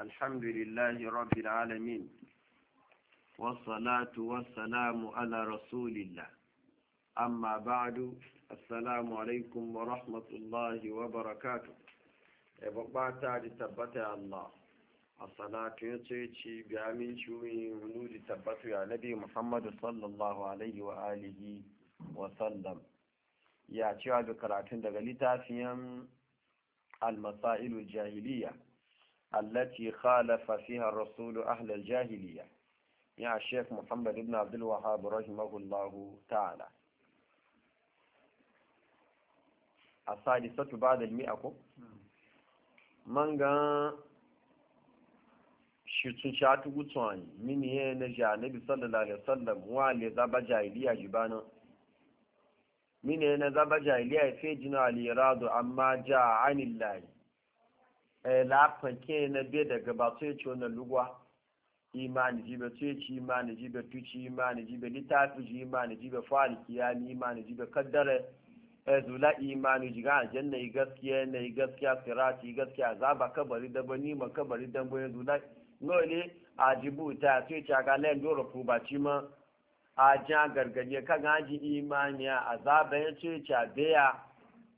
الحمد لله رب العالمين والصلاة والسلام على رسول الله أما بعد السلام عليكم ورحمة الله وبركاته إبقاتا لتبت الله الصلاة يتيتي بأمين شوي ونود تبت يا نبي محمد صلى الله عليه وآله وسلم يا تشعب كراتين دغلي تافيا المسائل الجاهليه التي خالف فيها الرسول أهل الجاهلية يا الشيخ محمد بن عبد الوهاب رحمه الله تعالى السادسة بعد المئة من شتون شاتو غوتواني من هي نجا نبي صلى الله عليه وسلم وعلى اللي زابا جاهلية جبانا من هي نزابا جاهلية في جنا اللي يرادو أما جاء عن الله Eh, lafake na be daga ba su yace wannan lugwa imani jibe su yace imani jibe tuci imani jibe litafi ji imani jibe fali kiyami imani jibe kaddara eh, zula imani jiga aljanna yi gaskiya na yi gaskiya sirati gaskiya zaba kabari da bani ma kabari dan bani zula nole a ta su yace aka lai dora kubaci ma a jan gargaje kan haji imaniya a zaba yace ce a beya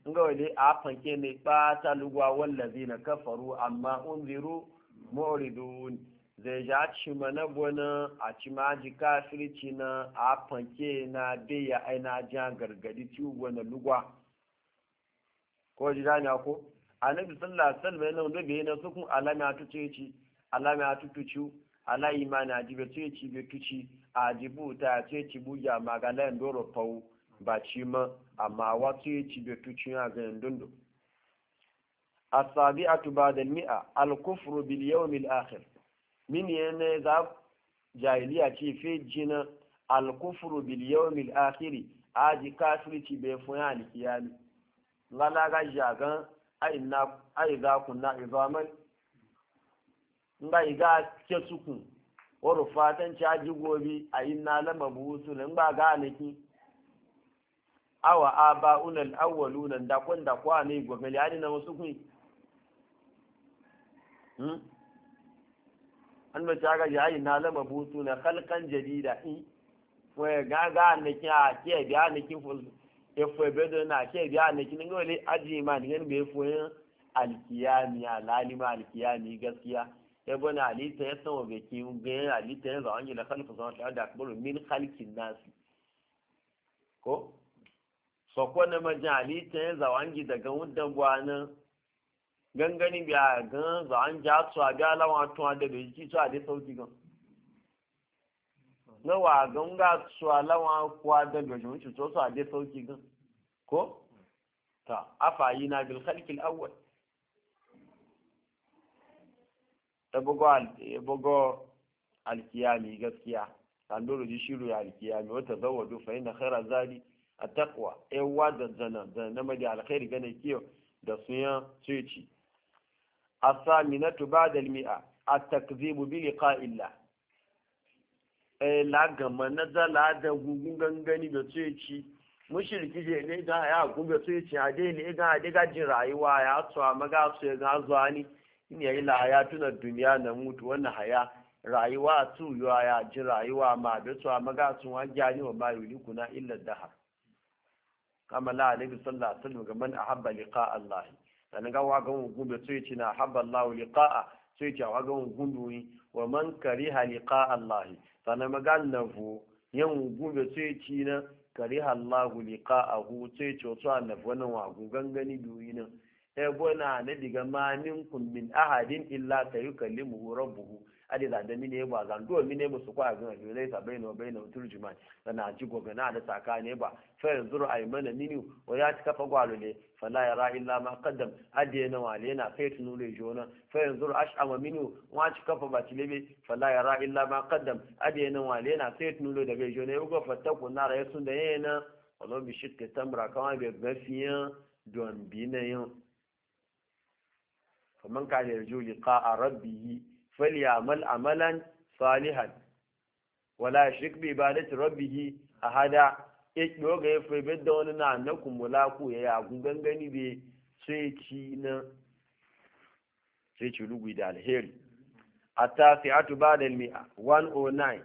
nga wale a fanke ne ta lugwa wallazi na kafaru amma unziru muridun zai ja ci mana bona a ci maji kafirci na a fanke na biya aina jan gargadi ci wani lugwa ko ji gane ko annabi sallallahu alaihi wasallam yana wanda bai na sukun alama tutuci alama tutuci ala bai ajibe ci be ji bu ta ce ci buya magalayan doro pau ba ci ma amma wasu ya ci betu cin a ganin dundu a tuba da mi'a alkufru bil yawmil akhir min yana za jahiliya ce fi jina alkufru bil yawmil akhir aji ci bai fun alkiyami lala ga jagan aina ai za ku na izaman nga iga ke sukun waro fatan ci aji gobe a na lama buhusu ne ba ga aliki awa aba unal awwalu nan da kun da kwa ne gogali ani na wasu kun hmm an ba ta ga yayi na lama butu na khalqan jadida in wa ga ga ne ki a ke biya ne ki fu e fu be do na ke biya ne ki ngole aji ma ne ne be fu alkiyami alalima alkiyami gaskiya ya bana alita ya san wabe ki ga alita ya zawon gina khalqa zawon da akbaru min khalqin nasi ko sako na majali ta yin zawangi daga wudan gwanin gangani a gan zawan ja su a biya lawan tun da bai ji su a dai sauki gan na wa gan ga su a lawan kuwa da bai ji wuce su a dai sauki gan ko ta afa yi na bil khalqil awwal ta bugo alkiyami gaskiya sandoro ji shiru ya alkiyami wata zawadu fa inna khairaz zadi a takwa yawa da zana da na magi alkhairi gane kiyo da suya suci asaminatu ba'da almi'a at-takzibu bi illa. eh la gama na zala da gugun gangani da suci mushriki je ne da ya gube suci a dai ne ga da jin rayuwa ya tsawa ga su ya ga zuwa ni in ila ya tuna duniya na mutu wannan haya rayuwa tu ya ji rayuwa ma da tsawa ga sun wa jani wa ma yulikuna illa dahar kama la alaihi sallallahu alaihi wasallam ga man ahabba liqa Allah sanan ga waga gumbe so ci na ahabba Allah liqa'a so ga waga gumbe wa man kariha liqa'a Allah sanan magan nafu yan gumbe so ci na kariha Allah liqa'ahu so yace so annafu nan wa gangani duyi nan e bona na diga manin kun min ahadin illa sayukallimuhu rabbuhu ade da da mine ba zan do mine musu kwa ga yo lai sa baino baino turjuman na ji gogana da saka ne ba fa yanzuru mana minu wa ya taka gwalo ne fala yara illa ma qaddam ade na wale na fa tunu le jona fa yanzuru ash'ama minu wa ci kafa ba ci tilebe fala yara illa ma qaddam ade na wale na fa tunu le daga jona ku na e nara e sun da yana wallo bi shikka tamra kama bi gafiyan don binayin faman kana yarju liqa rabbihi falyamal عملا صالحا wala shirk bi ربه rabbih ahada a hada ya da wani na na kumula ku ya ya gangani be sai ci na sai ci lugu da alheri fi atu ba'da al-mi'a 109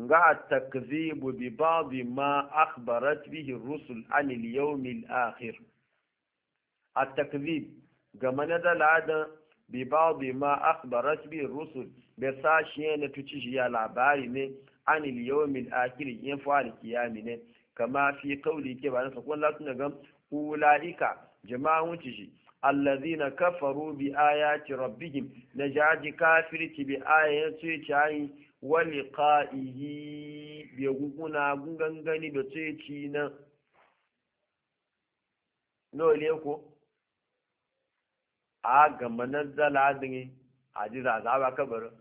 nga atakzibu takzibu bi ba'd ma akhbarat bihi rusul an al-yawm al-akhir at-takzib ga manada la'ada bi ba'dhi ma akhbarat bi rusul da sashe na tuci shi ya labari ne anil yawmil akhir yin fa'al kiyami ne kama fi qawli ke ba sa kullu tun ga ulaika jama'un shi allazina kafaru bi ayati rabbihim najaji kafirci bi ayati tayi wa liqa'ihi bi guguna gungangani da tuci na no ko a gama na zala dingi a ji zazaba kabarin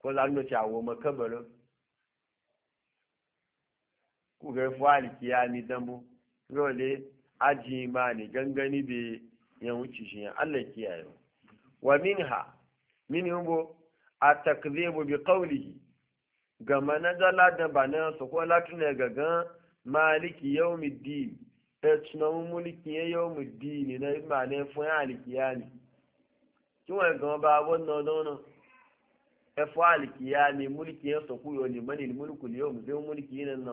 ko za nuna cawo ma kabarin ku ga fuwa likiya ni dambu dole aji ma ne gangani bai ya wuce shi Allah kiyaye wa min ha min yumbo at-takdhibu bi qawlihi gama na zala da bana su ko latuna gagan maliki yawmiddin ẹ̀tùnàmú kí ẹ yọ mú di ìnìyàn nígbà ní fún àlìkìyà ni kí wọ́n gan bá wọ́n náà lọ́nà ẹ̀fọ́ àlìkìyà ni múlìkì yẹn sọ̀kú yọ ní mọ́ni múlìkù ni yọ mú sí kí yẹn nà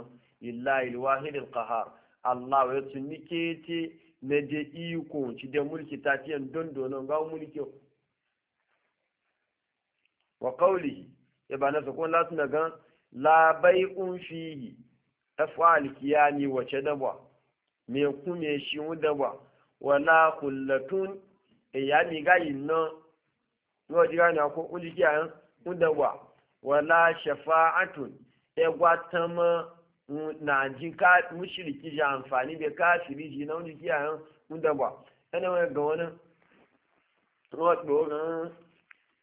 ìlà ìlúwa hídìl kahar aláwọ̀ ẹ̀tùn ní kéétì nẹ́jẹ̀ ìkò ti dẹ múlìkì ta tiẹ̀ ńdọ́ndọ́ náà gáwó gan ìkún ni me kume shi wudaba wala kullatun e ya mi ga inna no ji ga ko kuli ki an wudaba wala shafa'atun e gwatama na ji ka mushriki ji amfani da kafiri ji na wani ki an wudaba ana wa ga wani no do ga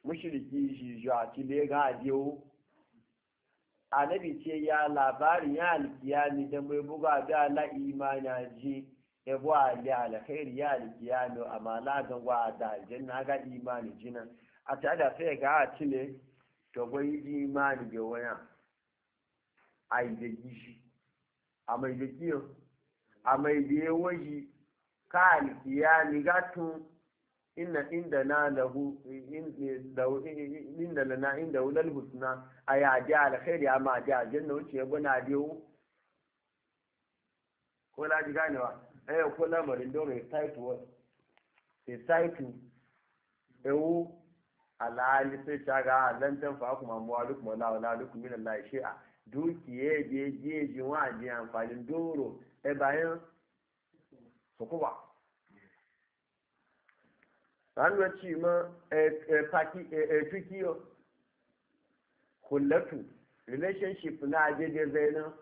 mushriki ji ji ati le ga adiwo annabi ce ya labari ya alkiyami don bai buga da la imana ji yabo ali alkhairi ya alkiyami amma la ga wa da na ga imani na a ta da sai ga a cile to bai yi imani ga ya ai da gishi a mai da kiyo a mai da yawaji ka alkiyami gatun inna inda na lahu inda na inda wulal husna a yaji alkhairi a maji a janna wuce ya guna biyu ko laji ganewa ɗaya eh, ko lamarin don recite word recite ewu alhali sai ta ga lantan fa kuma muwa duk mala wala duk min Allah shi'a dukiye je je ji wa je amfanin doro e bayan su ranar ci ma faki eh, eh, fikiyo eh, kullatu relationship na ajeje zaina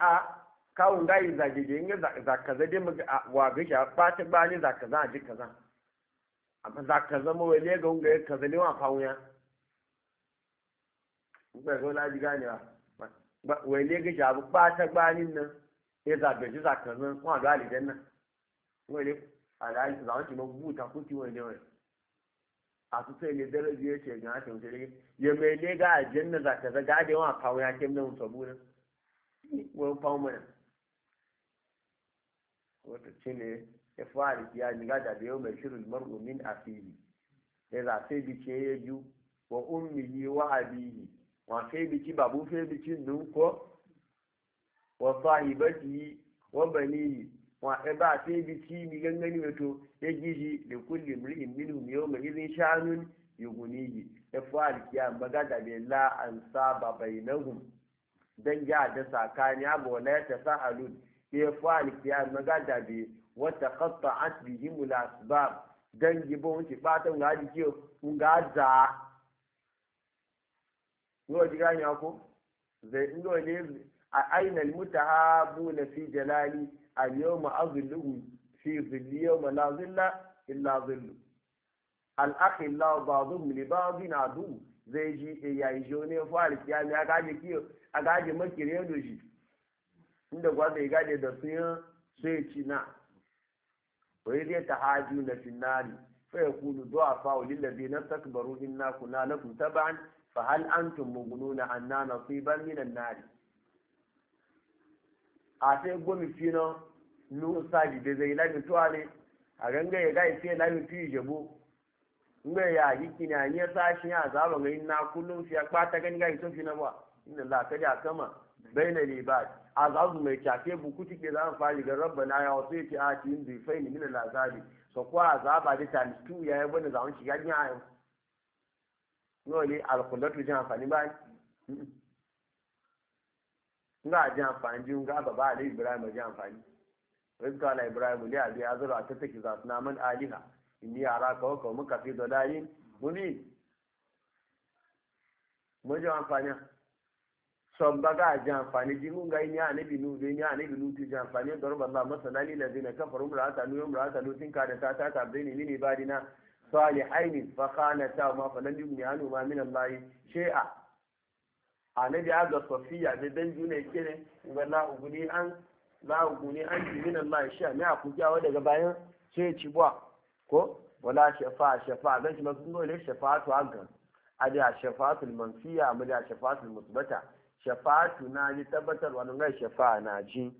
a kawun gayi zajeje inga zakaza dai mu wa ga ya bata bani zakaza ji kaza amma zakaza mu wele ga unga kaza ne wa fawuya ba ga la diga ne ba wele ga ya bata bani nan e zabe ji zakaza wa ga alidan nan wele alhali su zama kima buta kuti wani da wani a su sai ne daraji ya ce gan ake mutane ya mai ne ga ajiyar za ta zaga da yawan kawo ya kem na mutu abunan wani kawo mana wata ce ne ya fara ya niga da da yau mai shirin mar'umin a fili ya za sai bice ya ju wa ummihi wa abihi wa sai biki babu sai bikin nun ko wa sahibatihi wa banihi waɗa e ba sai bi ci bi gangani wato ya e gishi da kulle mulkin minhum yau mai izin shanun yugunihi ya e fi alkiya da bai la an saba bainahum dan ya da sakani abu wala ya tasahalun ya fi alkiya da bai wata kasta asbihim yi dan gibon wuce fatan ga jike ga za yau ji gani ako zai inda wani a ainihin mutahabu na fi jalali al-yawma azilluhu fi zilli yawma la zilla illa zillu al-akhillahu ba'dhum li ba'dhin adu zai ji ya yi jo ne fara kiyami a gaje a gaje makire da shi inda gwa zai gaje da sun sai ci na wai zai ta haju na finnari fa yakulu du'a fa lil ladina takbaru inna kunna lakum taban fa hal antum mughnuna anna nasiban minan nari Ase gomi fino nu saji de zai lami tuale a ganga ya ga ife lami fi jabo nga ya hiki ne anya sashi ya zaba ga na kullum fi akpata gani ga iso fina ba inna la kaji akama baina libad azazu mai bu kuti ke zan fari ga rabbana ya wasu yake a cikin zifaini min al-azabi so ko azaba da ta tu ya yabo da zaman shiga nya ayo no ne al-qudatu jan amfani ba nga ji amfani ji ba ba ali ibrahim ji amfani rizqa ala ibrahim li abi azra za zat naman aliha inni araka wa muka fi dalalin muni mun ji amfani son baga ji amfani ji yi ni anabi nu de ni anabi nu ti ji amfani darba allah masala lil ladina kafaru imra'ata nu imra'ata lu tin da ta ta ta tabdini min ibadina salihain fa ta ma falam yughni anhu ma min allah shay'a annabi aga safiya da dangi ne kire ga la'uguni an la'uguni an jimin Allah sha ne a kujawa daga bayan sai ci bwa ko wala shafa shafa dan shi masu dole shafa'atu aga a da shafa'atul manfiya mu da shafa'atul musbata Shafatu na ji tabbatar wani ga shafa'a na ji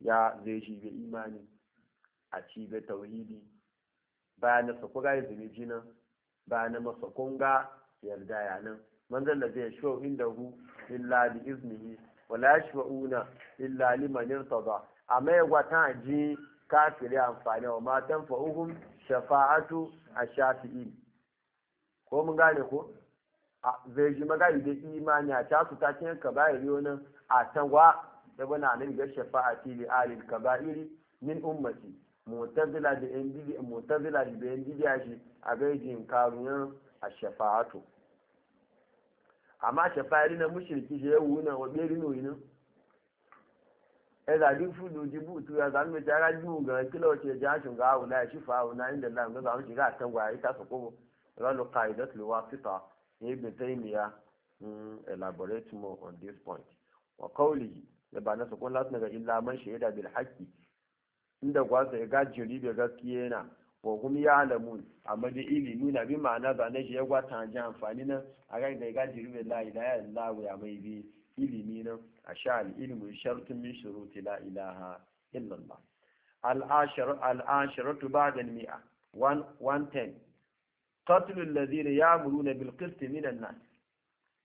ya zai shi ga imani a ci ga tauhidi bayan da sako ga yanzu ne jinan bayan na masakon ga yarda nan. man da zai shawo inda hu illa bi iznihi wala yashfa'una illa liman irtada amma ya gwata ji kafiri amfani wa matan fa'uhum shafa'atu ash-shafi'in ko mun gane ko zai ji magani da imani a su ta cikin kaba'iri wani a tangwa da bana anan ga shafa'ati li alil kaba'iri min ummati mutazila da yan bidiya mutazila da yan bidiya shi a gaijin karuyan ash-shafa'atu amma shafari na mushirki shi ya wuna wa beri noyi nan ya zaɗi fudu jibu tu ya zaɗi mai tara jibu ga kila wace ja shi ga awu na shi fa na inda lam ga zamu shiga tan gwaye ta su kobo ralu qaidat li wasita ne bi taymiya elaborate more on this point wa qawlihi da ba na su kun lati daga illa man shaida bil haqqi inda gwaza ya ga jiri da gaskiya na wa ya ya'lamun amma da ilimi na bi ma'ana ba na ya gwata ji amfani nan a ga da ga jiru la ilaha illallah ya mai bi ilimi nan a sha al ilmu shartun min shuruti la ilaha allah al ashar al asharatu ba'da al mi'a 110 qatlu alladhina ya'muruna bil qist min an nas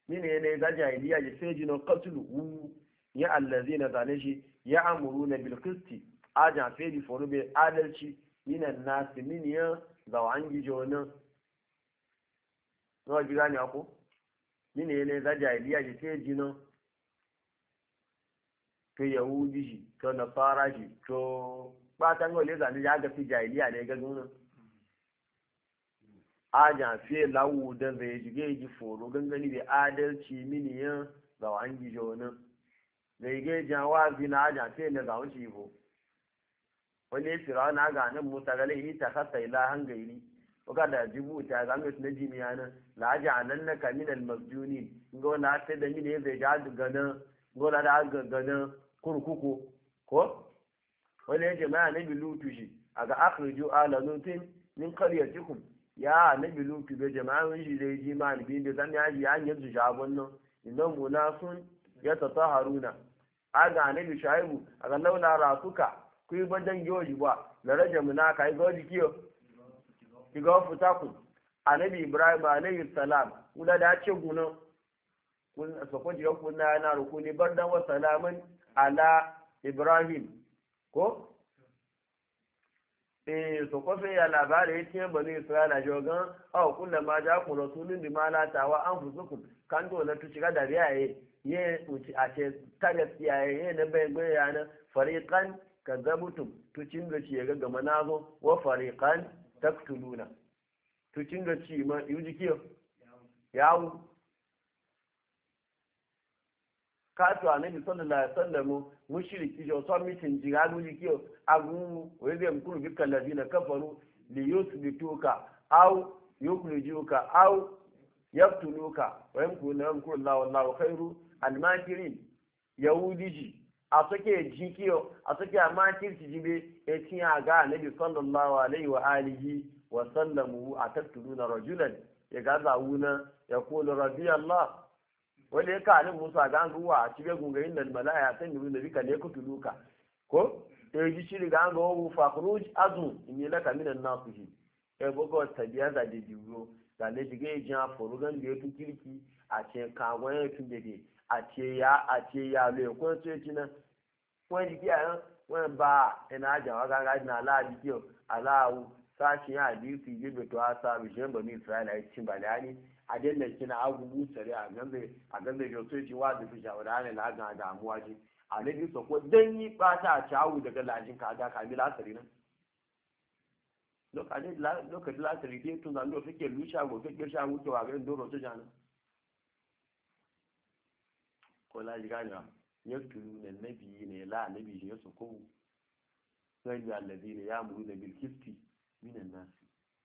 min ne ga jahiliya ji sai jinon qatlu ya alladhina zalashi ya'muruna bil qist ajan fe di forube adalci minan nasi min ya zawan gijo nan nawa ji gani ako mini ne za jahiliya shi ce jina. nan to yahudi shi to nasara shi to batan gole zane ya ga fi jahiliya ne ga nunan aja fiye lawo da zai jige ji foro gangani da adalci mini ya zawan gijo nan zai gajan wa zina aja fiye na zawon shi ko wani ya fira na ga nan musa ga laifi ta hasa ila hangairi waka da jibu ta ga mai na jimiya nan la a nan na kaminal masjuni ngo na ta da mine zai ga gana ngo na da ganin kurkuku ko wani ya jama'a na bi lutu shi a ga akhriju ala lutin min cikin ya na bi lutu jima jama'a shi zai ji ma ni biyu da zan ya ji an yanzu shagon nan idan munasun ya tataharuna aga na bi shaibu ga launa rasuka ku yi bandan joji ba da rage ka yi gaji kiyo ki ga futa ku annabi ibrahim alayhi salam kula da ce gunan kun sako ji ku na na rukuni dan wa salaman ala ibrahim ko eh to ko sai ya labari yake bani isra'ila jogan aw ma ja ku rasulun bi malata wa anfusukum kan dole tu tuci da riyaye eh, ye uci ace tare ta gaskiya ye eh, na bai goyana fariqan kazabtum tucin da shi ga gama nazo wa fariqan taktuluna tucin da shi ma yujiki yawo ka to annabi sallallahu alaihi wasallam mushriki jo so mitin jiga yuji kiyo agu wa yadhum kullu bikal ladina kafaru li yuthbituka au yukhrijuka au yaftuluka wa yamkuruna yamkuru Allah wallahu khairu al-makirin yahudiji a suke jikiyo a suke makin su jibe ya a ga nabi sallallahu alaihi wa alihi wa sallamu a na rajulan ya ga zawuna ya kula radiyallah wanda ya ka annabi Musa ga ruwa a cibe gungayin nan malaya san yi da bika ne luka ko ya ji shiri ga ga wu fakuruj azu in yi laka minan shi ya bugo tabiya da dibiyo da ne ji a forugan da ya tun kirki a ce kawai tun dade, a ce ya a ce ya kwanci ya ci cinan wọ́n di kí àwọn wọ́n ba ẹ̀nà àjàwá gángan ní aláàbí kí ọ aláàwù sashen hadisi yadda ta samu shi ba min isra'ila ya ci bayani a dinda kina agubu sare a ganze a ganze ga so ji wazi fi shawara ne la ga damuwa ji a ne bi so ko dan yi bata chawu daga lajin ka ga kabila sare nan lokacin lokacin lasari dai tun zan do fike lusha go fike ko يقتلون النبيين لا نبي يسقوا غير الذين يأمرون بالقسط من الناس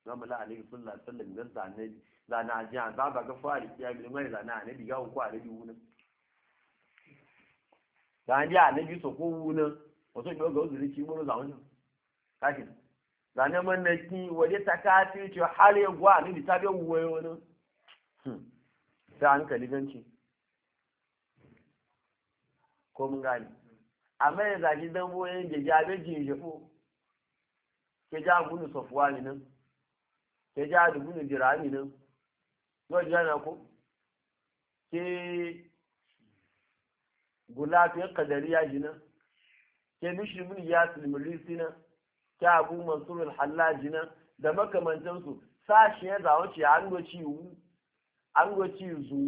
zama la alaihi sallallahu alaihi wasallam dan zane zane ajiya ba ba ga fari ya bi mai zane annabi ga ku annabi wuna zane ya annabi so ko wuna wato ki ga uzuri ki mun zawo kashi zane man na ki waje takati ci hali gwa annabi ta bi wuwayo ne sai an kaliganci ko mun gani amma ya zagi dan da ja be ji je ko ke ja gunu ne nan ke ja da gunu jirani nan no jana ko ke gulafi kadariya ji nan ke mishrimin ya sulmulisi nan ke abu mansur al-hallaji nan da makamantansu sashi ya zawo ce an goci wu an goci zu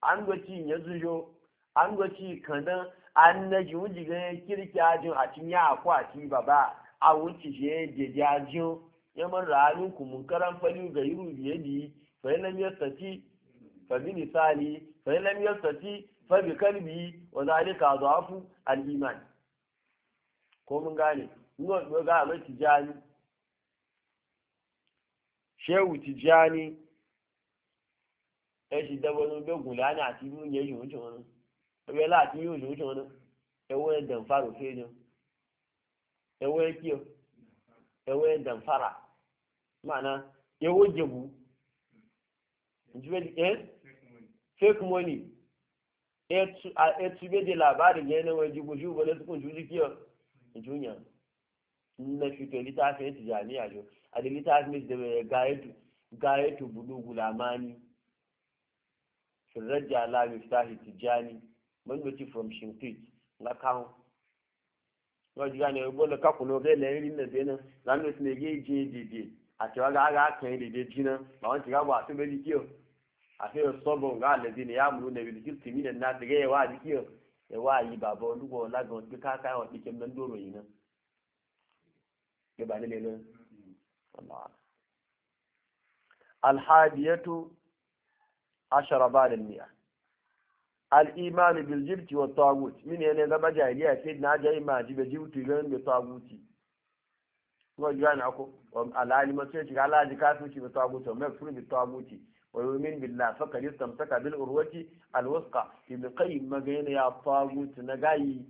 an goci ya zuyo an gwaci kanan an na ji wuji ganin kirki ajin a cin ya akwati ba baba a wuce shi ya jeje ajin ya ra'ayin ku mun karan fali ga yiru biye bi fa yana miyar sati fa misali fa yana sati fa kalbi wa zalika dhafu ko mun gane ga mai tijani shehu tijani ya shi a cikin wuce wani ọ̀rẹ́ láti yóò ló ṣan ná ẹwọ́ ẹ̀dànfàrà òfin ni ẹwọ́ ẹ̀kí ọ ẹwọ́ ẹ̀dànfàrà màánà ẹwọ́ jẹ̀bù fake money ẹtù bẹ́ẹ̀ labarin yẹn náà wọ́n jùgbọ́n jùgbọ́n lẹ́tùkùn jù ní kí ọ ìjúnyàn na fito littafin tijaniya jo a da littafin da mai gayetu gayetu budu gulamani sirrajja la miftahi tijani mandoci from shinkrit nga kan nga jiga ne bo le kakuno ge le ri ne bena la no sine ge je di di a ti waga ga kan ri de jina ba won ti ga ba to be di kiyo a fe so nga le di ne ya mu ne bi ki ti mi ne na de ge wa di kiyo e wa yi baba olugo la gan ti ka ka o ti kem nan doro yin na ge ba ne le le الحادية عشر بعد المئة al'imanu bil jibti wa tagut min yana zama jahiliya sai na ga ima ji be jibti ran be taguti ko ji ana ko alali ma sai ga alaji kafu ci be taguti ma fur be taguti wa yumin billah faqad istamsaka bil urwati al wasqa ibn qayyim ma ga ya tagut na gayi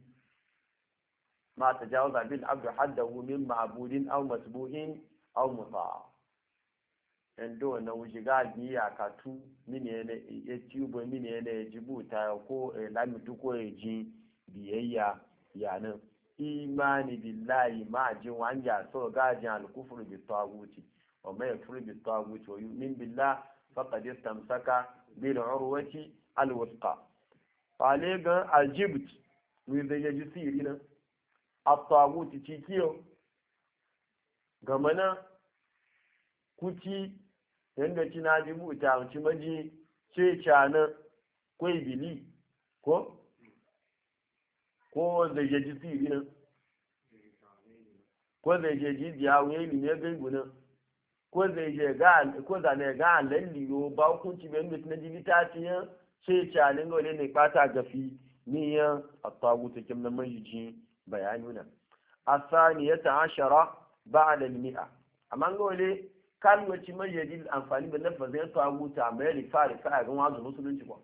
ma tajawaza bil abdu haddahu min ma'abudin aw masbuhin aw muta'a endo na wujiga bi ya katu mini ene ya e ya jibuta ko e, lami duko ya e ji biyayya yanin imani billahi ma ji wanja so gajin alkufur bi taguti wa mai yakfur bi taguti wa yu'min billah faqad istamsaka bil urwati al wusqa fale gan aljibt wi da ya ji siri nan at taguti ci kiyo gamana kuci yanda kina na ji buta ci maji ce cana kwai bili ko ko zai je ji fi nan ko zai je ji biya wuye ni ne gangu guna ko zai je ga ko ne ga lalli yo ba ci ben mit na jini ta ya ce cana ga ne ne bata gafi ni ya a tagu ta kim na majiji bayani ya ta ashara ba'da al-mi'a amma ga kalmar ci mai yadi amfani da lafazin ya tagu ta mai rifa rifa a gan da musulunci ba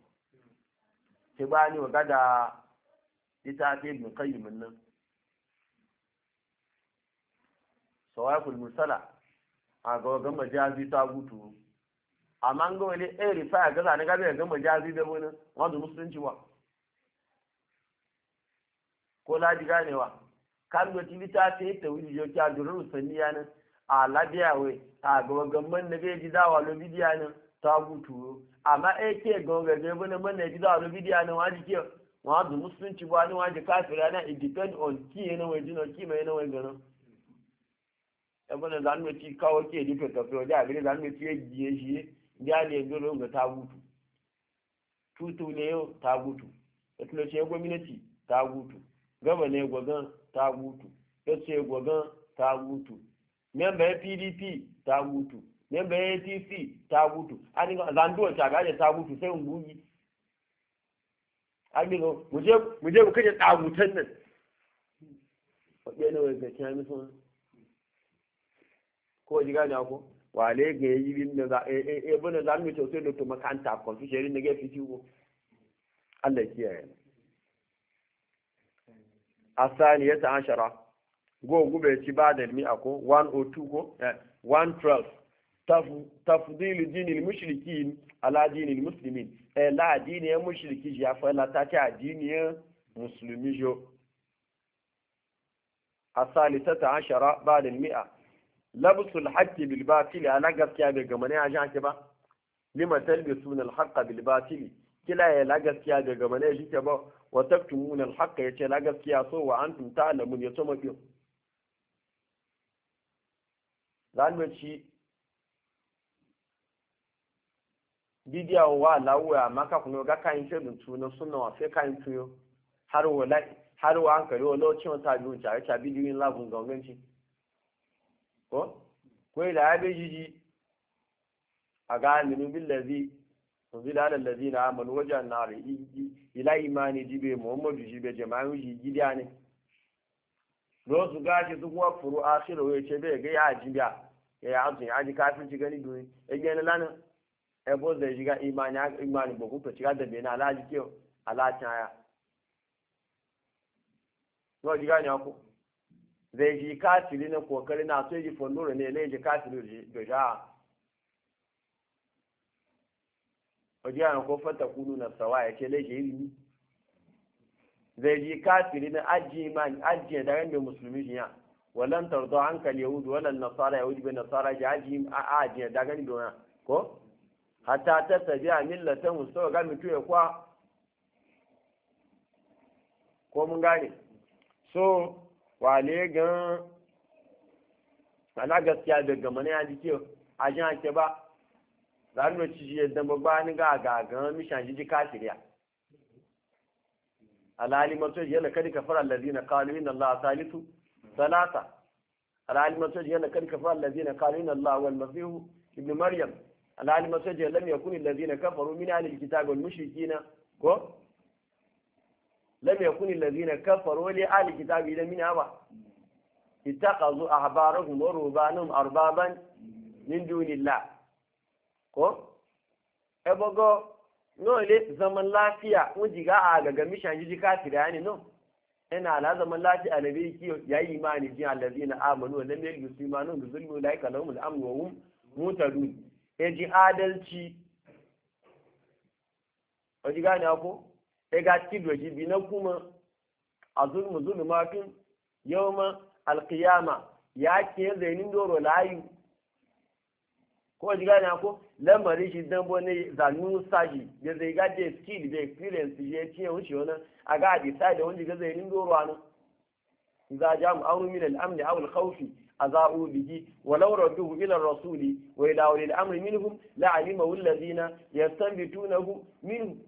ke ba ni wa gada ita ta ibn qayyim nan ku mursala a ga ga majazi ta gutu amma e ga wani eh rifa ga zane ga ga majazi da wani wanda musulunci ba ko ladi ganewa kan wacce ita ta yi tawili yau ta durar sanniya nan a labiya we a gawagan man na gai ji dawa lo bidiya nan ta gutu amma e ke gawagan gai bane man na ji dawa lo bidiya nan waji ke wazu musulunci ba ni waji kafira na it depend on ki yana wai jino ki mai yana wai gano ebona zan me ti kawo ke di to to ja gari zan me ti e giye shi ya ne goro ga ta gutu tutu ne yo ta gutu etlo ce gwamnati ta gutu gaba ne gogon ta gutu ce gogon ta gutu memba ya pdp ta mutu memba ya atc ta mutu zanduwa shagaje ta mutu sai ungugi ani gino muje muje mu kaje tsagutan nan waɗe ne wani gaci ya miso ko ji gane ko wale ga yi bin da za a eh, ebe eh, eh, na zamu ce sai doktor makanta kwanfi shirin da gafi ko? Allah kiyaye asani ya ta ashara gogu gube ci ba da mi ako 102 ko 112 eh, tafdilu al mushrikin ala al muslimin e eh, la dini ya mushriki ya fa la ta ta dini ya muslimi jo ta ashara ba da mi'a al haqqi bil batil ala gaskiya bai gamane a jan ke ba lima talbisuna al haqq bil batil kila ya la gaskiya bai gamane shi ke ba wa taktumuna al ya ce la gaskiya so wa antum ta'lamun yaso mabiyo zanweci bidiya wa lawuwa amma ka kayan shirin tuna suna wafe kayan tuyo har wa har an kare wa ta bidiyoyin labun ganganci ko ko ila ya ila imani muhammadu jama'in rozu gashi duk wa furu akhiru ya ce bai ga ya jibiya ya ya azu ya ji kafin ci gani duni e gani lana e bo zai jiga imani imani bo ku ci ga da bena alaji ke alaci ya no jiga ne ku zai ji kafiri na kokari na so ji fondoro ne ne ji kafiri do ja o ji an ko fata kunu na sawa ya ce le ji zai yi kafiri na ajiye man ajiye da ranar musulmi jiya walan tarzo hankali yahudu wannan nasara yahudu bai nasara ji ajiye a ajiye da ranar dona ko hata ta tabi a millatan musu ga mutu ya kwa ko mun gane so wale gan ana gaskiya da gamana ya ji ke a jan ake ba zanuwa ci ji yadda ba ba ni ga gagan mishan ji ji kafiriya alaliman to yana kadi kafara allazina qalu inna allaha thalithu thalatha alaliman to yana kadi kafara allazina qalu inna allaha wal masih ibn maryam alaliman to yana lam yakun allazina kafaru min ahli alkitab wal mushrikina ko lam yakun allazina kafaru li ahli alkitab ila min aba ittakhadhu ahbarahum wa rubanahum arbaban min dunillah ko ebogo nole zaman lafiya mun jiga a gaga mishan jiji da ne no ina ala zaman lafiya annabi ki yayi imani jin allazina amanu wa lam yalbisu imanuhum bi zulmi ulaika lahum al-amn wa hum mutadun e ji adalci waji gane ko e ga do ji bi na kuma azulmu zulmatun yawma al-qiyama ya ke zainin doro layu ko ji gane ko lamari shi dan bo ne za nu saji da zai ga da skill da experience je ci ya wuce wannan a ga bi sai da wanda ga zai nin doro anu ja mu amru min al amn aw al khawf azau bihi wa law radduhu ila ar rasul wa ila ulil amr minhum la alima alladhina yastanbitunahu min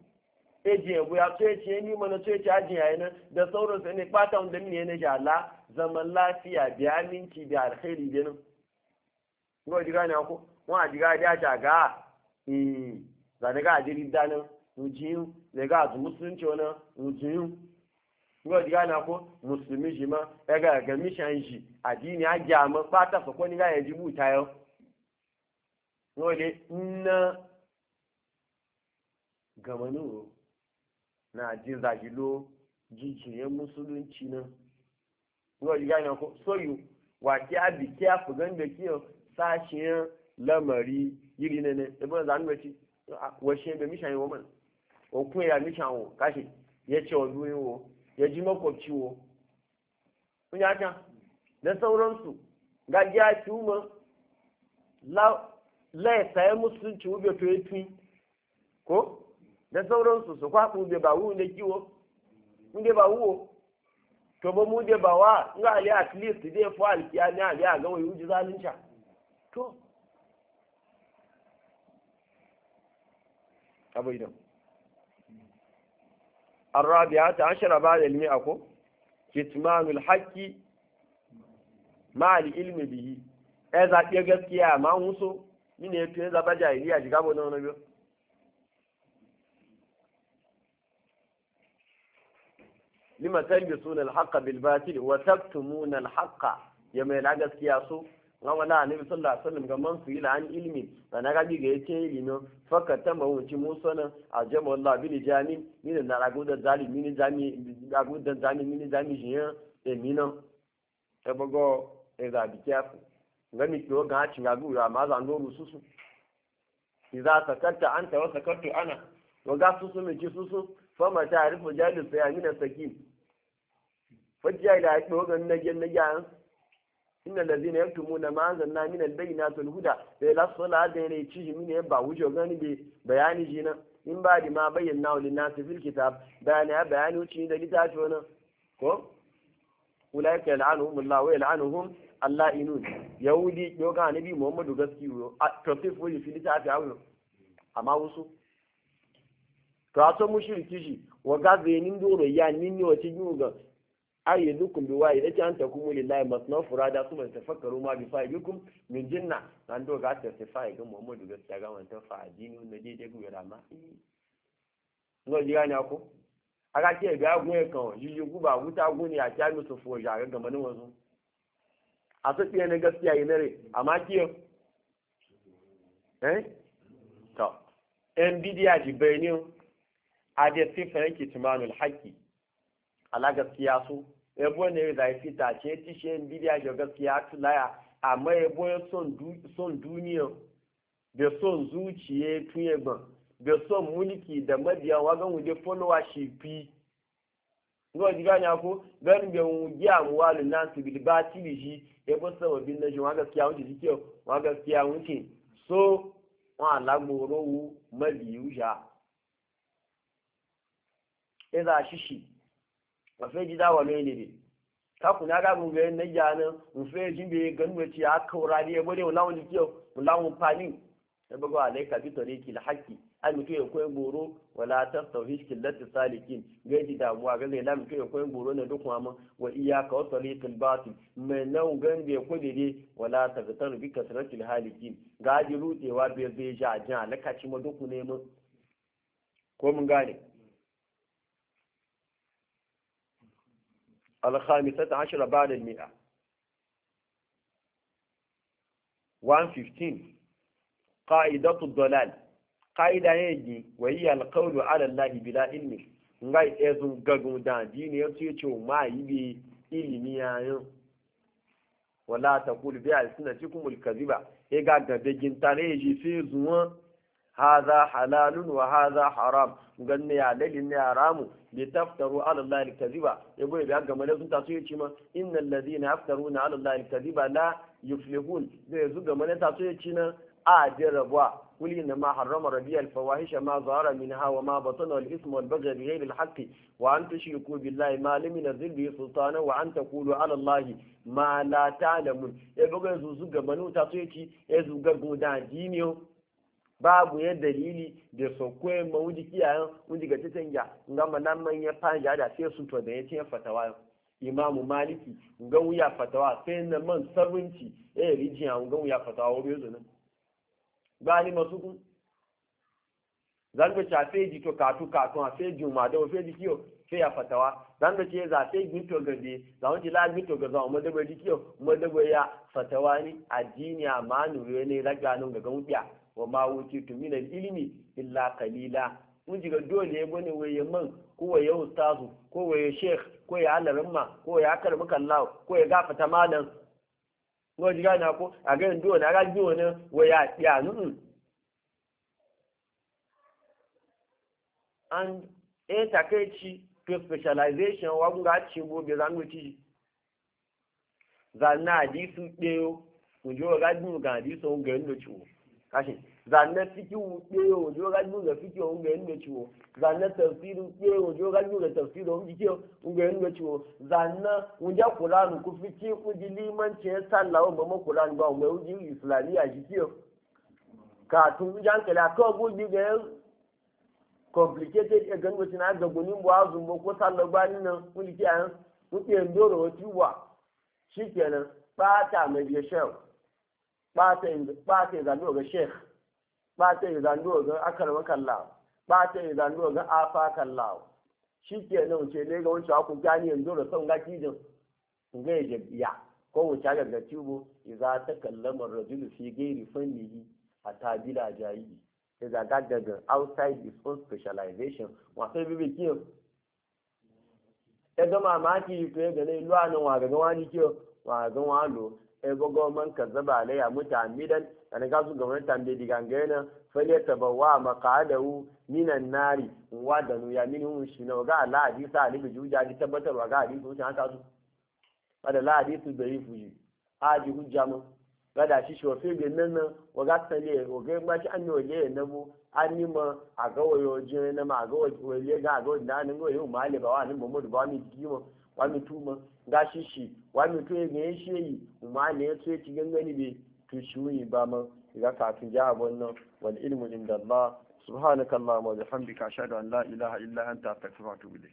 eji bu ya ce ce ni mana ce ce ajin yi na? da sauransu ne fata wanda ni ne ja Allah zaman lafiya bi aminci bi alkhairi bi nan ko ji gane ko wọn àdìgá dé àjàgá hmm, zàdégá àdérí dáná ǹjìyún lẹ́gá àti mùsùlùmí tí ọ̀nà náà kó mùsùlùmí jì mọ́ ẹgbẹ́ ẹ̀gẹ́ mission jì àdínì ajá mọ́ pátá nígbà yẹn dìbò tayọ. wọ́n lè gàmọ́nù náà ló jíjìn yẹn mùsùlùmí náà náà kó wà kí á bì kí á fògán ọ sáà ṣe yẹn. lamari yiri nene ibn zan wati washe be mishan wo man o kun ya mishan wo kashi ya ce wa duyin wo ya ji makwabci wo kun ya ta da sauransu ga ya ci mu la la sai musulunci ube to yi ko da sauransu su kwa ube ba wu ne kiwo unde ba wo to ba mu de ba wa nga ali at least dai fa alkiya ne abin ta ashira ba da ilmi ako kitmanul haƙƙi ma da ilmi biyi ɗaya zaɓe gaskiya ma wuso mini ya fiye zaɓa jari a shiga bane wani lima tambi sunan haƙƙa bilbatil wa taktumunan haƙƙa Yamaila, gaskiya su. wala annabi náà níbi wasallam ga man su ila an ilmin ilmi ga giga yace ilimi faka ta mawuci musanan ajama Allah bil jami min na ragu da zalimi min jami ragu da zalimi min jami jiya e mina e bogo e da bi kafu ngami to ga cin ana ga mi ci susu fa sakin na inna lazina yaktumuna ma anzalna min albayinati wal huda da la sala da ne ci mi ne ba wujo gani be bayani jina in ba di ma bayyana lin nas fil kitab bayani ya bayani wuci da litafi wannan ko ulaika yal'anuhum Allah wa yal'anuhum Allah inun yahudi yo ga nabi Muhammadu gaskiyo a tafsir wuri fil litafi awu amma wasu to aso mushriki shi wa ga zainin doro ya ninni cikin yuga ayyadukum bi wayi da an takumu lillahi masna furada kuma tafakkaru ma bi fa'ilukum min jinna an do ga ta fa'i ga Muhammadu gaskiya ga wannan fa addini ne dai dai gura rama ngo ji ga nyako aga ke ga gun e kan yiyu ku ba wuta gun ni a ta mi so fo ja ga gamani wazo a so tiye ne gaskiya yi nare amma ki eh to en bidiya ji bayni a da sifan timanul haqqi ala gaskiya su ebo ne da ya fita ce tishe bidiya ga gaskiya laya amma ebo son duniya da son zuciye tuye gban da son mulki da mabiya wagan wuje folowa shi fi ngo diga nya ko gan be mu ya mu walu nan su bil batili ji e ko sawa bin na jwa gaskiya wuce ji kiyo wa gaskiya wuce so wa lagboro wu mabiyu ja eza shishi wafe ji dawa ne ne kaku na ga mun ga na ya nan mun fe jin be gan mu ci aka wura ne bo ne lawo ji kiyo mun fani da bugo alayka bi tariqil haqqi ai mutu ya koyi goro wala ta tauhid killati salikin gaji damuwa ga zai lamu ya koyi goro na duk wama wa iya ka wa tariqil batil mai nan gan be ko dide wala ta gatar bi kasratil halikin gaji rutewa be be ja ja lakaci ma duk ne mu ko mun gane الخامسة عشر بعد المئة 115 قاعدة الضلال قاعدة يجي وهي القول على الله بلا علم ngai ezun gagun da dini ya ce ce ma yi ilimi yayin wala ta kulu bi alsina cikum alkaziba e ga gabe gintare ji fi zuwa haza halalun wa haza haram gan ne halalin ne haramu bi taftaru ala Allah al-kadhiba yabo bi an gama sun taso yace ma innal ladina yaftaruna ala Allah al-kadhiba la yuflihun zai zu gama da taso yace na a jarabwa قل إنما حرم ربي الفواحش ما ظهر منها وما بطن والإثم والبغي بغير الحق Ma تشركوا بالله ما لم ينزل به سلطانا وأن تقولوا على الله ما لا تعلمون يبقى يزوزو غمانو تاتويتي يزوزو غمو دان دينيو babu ya dalili da sokwe ma wuji kiyayen wuji ga titan ya nga manan manyan fanja da sai su to da ya ce fatawa imamu maliki nga wuya fatawa sai na man sabunci eh rijiya nga wuya fatawa wuri yanzu nan ba ni masu kun zan ga chafe ji to katu katu a sai juma da sai ji kiyo sai ya fatawa zan ga ce za sai gin to gabe za wani la gin ga za mu da ba ji mu da ya fatawa ni addini amanu ne raga nan ga gumbiya wa ma wuce min ilmi illa qalila mun jiga dole ya bane waye man ko waye ustazu ko waye sheikh ko ya alaramma ko ya karbi kallawo ko ya gafata malam ko jiga na ko a ga dole a ga jiwo ne waya ya nu an e takeici to specialization wa gura ci bo be zanu ci zanna di su deyo mun jo ga mu ga di so ga ndo ci kashi zanne fiki wuɗe ojo gaju ga fiki on ga yanda ciwo zanne tafsiri wuɗe ojo gaju ga tafsiri on ciwo ku fiki ku ji liman ce mama ba mai uji islamiya jike ka tun jan kala ko bu ji ga complicated e gango tina ga gunin bo azun bo ko sallah nan kun ji an ku ke ndoro wa tiwa shikenan ba ta mai bishau ɓata ya zanuwa ga sheikh ɓata ya zanuwa ga akarwa kallawa ɓata ya ga afa kallawa shi ke nan wuce ne ga wancan aku gani yanzu da son gaki jin ga jabiya ko wuce ga ga tubu za ta kallama rajulu fi ghairi fannihi a tabila jayi idza ga daga outside his own specialization wa sai bibi kiyo ya ga mamaki to ya ga ne luwa nan wa ga wani kiyo wa ga wani. e gogo man kazzaba alayya mutamidan an ga su gwamnati tambe diga ngena fali tabawa maqadahu minan nari wa da nu ya minu shi na waga ala hadisi alibi juja ji tabbatarwa ga hadisi wuce haka su bada la hadisi da a ji hujja mu gada shi shofe bin nan nan waga ga tale wa ga ba shi an yoye na bu an ni ma a ga wayo je na ma ga wayo ga ga da nan go yau mali ba wa nan ma mu ba wa mi tuma gashi shi wani to ya gani shi yi ma ne ya ce ci gangani bai to shi yi ba man ga kafin ja a wannan wal ilmu inda Allah subhanakallahumma wa bihamdika ashhadu an la ilaha illa anta astaghfiruka wa atubu ilayk